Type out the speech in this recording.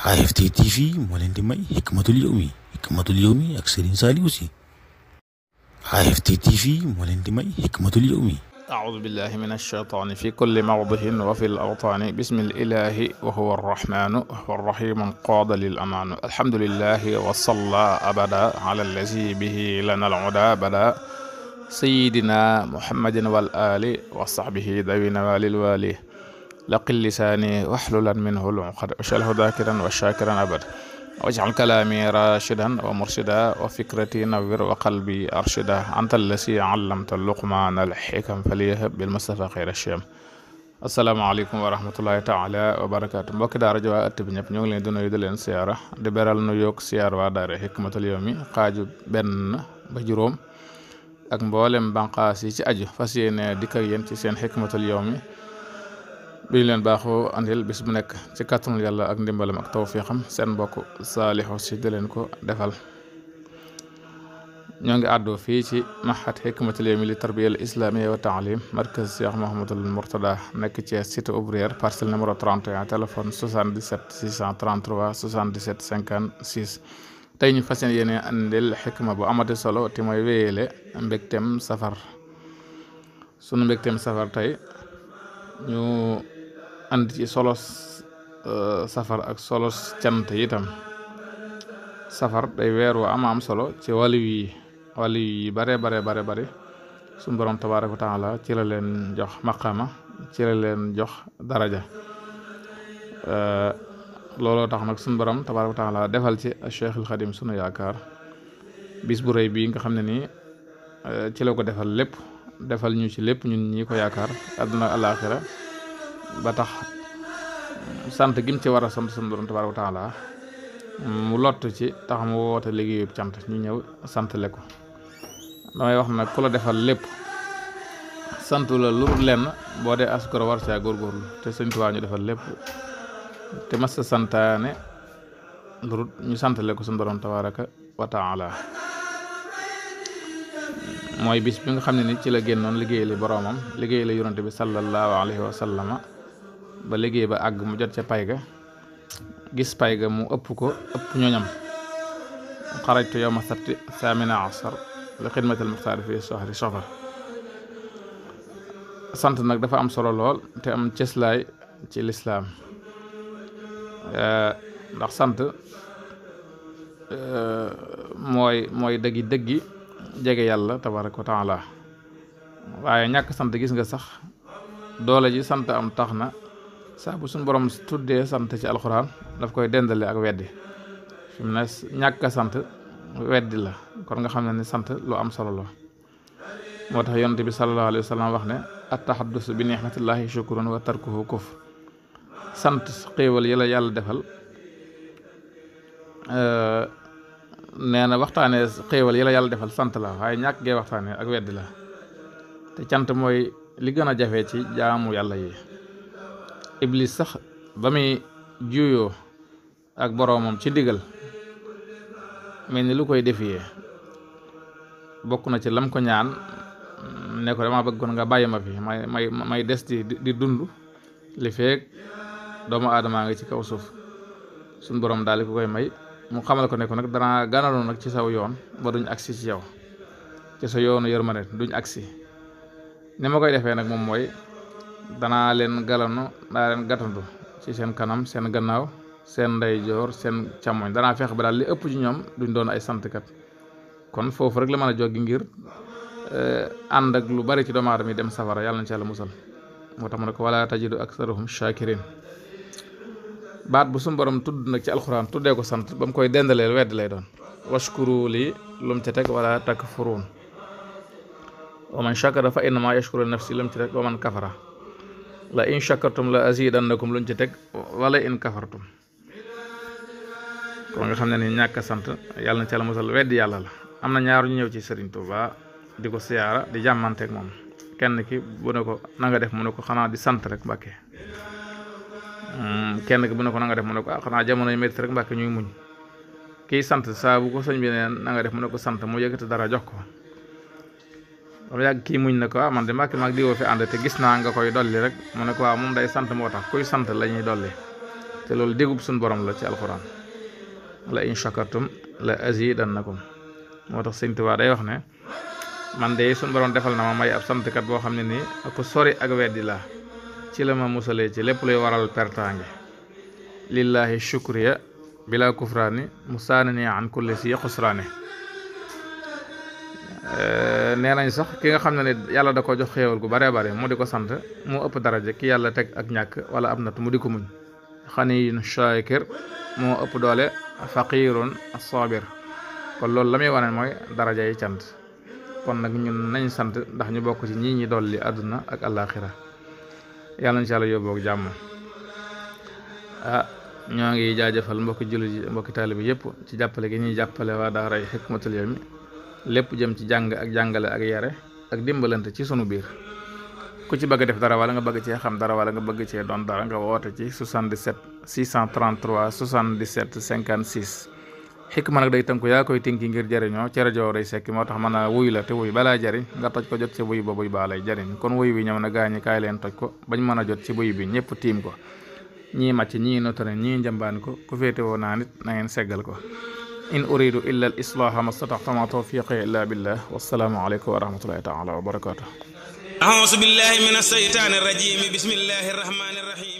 AFT TV moo leen di may xikmatul yawmi xikmatul yawmi ak Serigne Saliou Sy AFT TV moo leen di may xikmatul yawmi أعوذ بالله من الشيطان في كل موضع وفي الأوطان بسم الإله وهو الرحمن والرحيم انقاد للأمان الحمد لله وصلى أبدا على الذي به لنا العدى بدا سيدنا محمد والآل وصحبه ذوي نوال الوالي laqil lisaani waxlulan minhu lumuqad waj'alhu dhaakiran wa shaakiran abad waj'al kalaami rashidan wa murshida wa fikrati nawwir wa qalbi arshida anta allasi allamta luqmaana alxikam faliyahab bil mustafa xayra shiyam asalaamaaleykum wa taala wa barakaatu mbokki daara ji waa ëtt bi ñëpp ñoo ngi leen di leen siyaara di beral nu yokk siyaar waa xikmatul yawmi xaaju benn ba ak mboolem banqaas yi ci aju fas yéene dikk ak yéen ci seen xikmatul yawmi bi leen baaxoo andil bis bu nekk ci kàttanul yàlla ak ndimbalam ak tawfiixam seen mbokk Saliou Sy di leen ko defal ñoo ngi àddoo fii ci maxat xikmatul yawmi li tarbiyal islamiya wa taalim markaz Cheikh Mouhamadul Mourtada nekk ci cité ouvrière parcelle numéro 31 téléphone 77 633 77 56 tey ñu fa seen yéene andil xikma bu amati solo ti mooy wéyale mbégteem safar sunu mbégteem safar tey ñu and ci solos uh, safar ak solos cant itam safar day weer wu ama am solo ci wàllu yi wàllu yi bare bare bare bare suñu borom tabaaraka wa taala ci la leen jox maqama ci la leen jox daraja uh, looloo tax nag suñu borom tabaaraka wa taala defal ci Cheikhul Xadim sunu yaakaar bis bu rëy bii nga xam ne nii uh, ci la ko defal lépp defal ñu ci lépp ñu ñi ko yaakaar àdduna alaaxira ba tax euh, sant gi mu ci war a sant sunu borom tabaaraka wa taala mu lott ci tax mu woote liggéeyub cant ñu ñëw santle ko damay wax nag ku la defal lépp sant la lu lenn boo dee askoro war caa góorgóorlu te sëñ Tuubaa ñu defal lépp te mas a santaane lu ñu santale ko sunu borom tabaaraka wa taala mooy bis bi nga xam ne ni ci la génnoon liggéey li boroomam liggéey la yonante bi sallallahu alayhi wa ba liggéey ba àgg mu jot ca pay ga gis pay ga mu ëpp ko ëpp ñooñam xarajtu yowma sabti thamina asar li xidmatil muxtaar fi soxri sant nag dafa am solo lool te am cëslaay ci lislaam ndax sant mooy mooy dëggi dëggi jege yàlla tabaraka wa taala waaye ñàkk sant gis nga sax doole ji sant am tax na saa bu suñu borom tuddee sant ci alxuraan daf koy dendale ak weddi fi na ñàkk sant weddi la kon nga xam ne ni sant lu am solo la moo tax yonent bi sallallahu alayhi wa wax ne attaxaddus bi nixmatillahi shukrun wa tarkuhu kufr sant xéewal yi la yàlla defal euh, nee na waxtaanee xéewal yi la yàlla defal sant la waaye ñàkk gee waxtaanee ak weddi la te cant mooy li gën a jafe ci jaamu yàlla yi iblis sax ba muy juyoo ak boroomam ci ndigal mel ni lu koy defiyee bokk na ci lam ko ñaan ne ko dama bëggoon nga bàyyi ma fi may may des di di dund li feek doomu aadamaa ngi ci kaw suuf suñ boroom daal di ko koy may mu xamal ko ne nag dana ganaloon nag ci saw yoon ba duñ agsi ci yow ci sa yoonu yërmande duñ agsi ni ma koy defee nag moom mooy danaa leen galanu danaa leen gatandu ci seen kanam seen gannaaw seen ndeyjoor seen càmmoñ danaa feex ba daal li ëpp ci ñoom duñ doon ay sant kat kon foofu rek la mën a joggi ngir eh, ànd ak lu bari ci doomu aadama yi dem safara yàlla na ci yàlla musal moo tax mu ne ko wala tajidu aksarahum shakirin bu suñu borom tudd nag ci alxuraan tuddee ko sant ba mu koy dendaleel wedd lay doon washkuru li lum ci teg wala takfuruun wa man shakara fa innama yashkuru nafsi lum ci teg wa kafara la in shakartum la azidannakum luñ ci teg wala in kafartum kon nga xam ne ni ñàkk sant yàlla na ci la musal weddi yàlla la am na ñaar ñu ñëw ci Serigne Touba di ko siyaara di jàmmanteeg moom kenn ki bu ne ko na nga def mu ne ko xanaa di sant rek mbàkke hmm, kenn ki bu ne ko na nga mu ne ko ah xanaa jamono yu metti rek mbàkke ñuy muñ kiy sant saa bu ko sëñ bi neen na nga def mu ne ko sant mu yëkkati dara jox ko loolu yàgg kii muñ ne ko ah, man de Mbàkke maag di woo fi te gis naa nga koy dolli rek mu ne ko moom day sant moo tax kuy sant la ñuy dolli te loolu dégub suñu borom la ci alxuraan la in shakartum la azidannakum moo tax Sëñ Tuubaa day wax ne man de suñu borom defal na ma may ab santkat boo xam ne nii ku sori ak weddi laa ci la ma musalee ci lépp luy waral pertaange lillahi shukriya bila kufraani musaanani an kulli si xusraani nee nañ sax ki nga xam ne ne yàlla da ko jox xéewal gu baree bare mu di ko sant moo ëpp daraja ki yàlla teg ak ñàkk wala am nat mu di ko muñ xaniyun shaakir moo ëpp doole faqirun sabir kon loolu la muy wane mooy daraja yi cant kon nag ñu nañ sant ndax ñu bokk ci ñii ñi dolli àdduna ak àllaaxira yàlla incha allah yóbbu ak jàmm ah ñoo ngi jaajëfal mbokki jullit yi mbokki taalibe bi yëpp ci jàppale gi ñuy jàppale waa daara yi Hikmatul Yawmi lépp jëm ci jàng ak jàngale ak yare ak dimbalante ci sunu biir ku ci bëgg def dara wala nga bëgg cee xam dara wala nga bëgg cee doon dara nga woote ci 77 633 77 56 xikma nag day tënku yaa koy tinki ngir jëriñoo ci rajo day sekki moo tax mën naa wuy la te wuy balaa jariñ nga toj ko jot ci buy ba buy baa lay jëriñ kon wuy bi ñëw na gaañi kaay leen toj ko bañ mën a jot ci buy bi ñëpp tiim ko ñii màcc ñii notone ñii njambaan ko ku naa nit na ngeen ko in uridu illa al islaha mastataxta ma tawfiqi illa billah wassalaamu aleykum wa rahmatullahi taala wa barakatuh auzu billahi min asheytaani rajim bismillahi rahmani rahim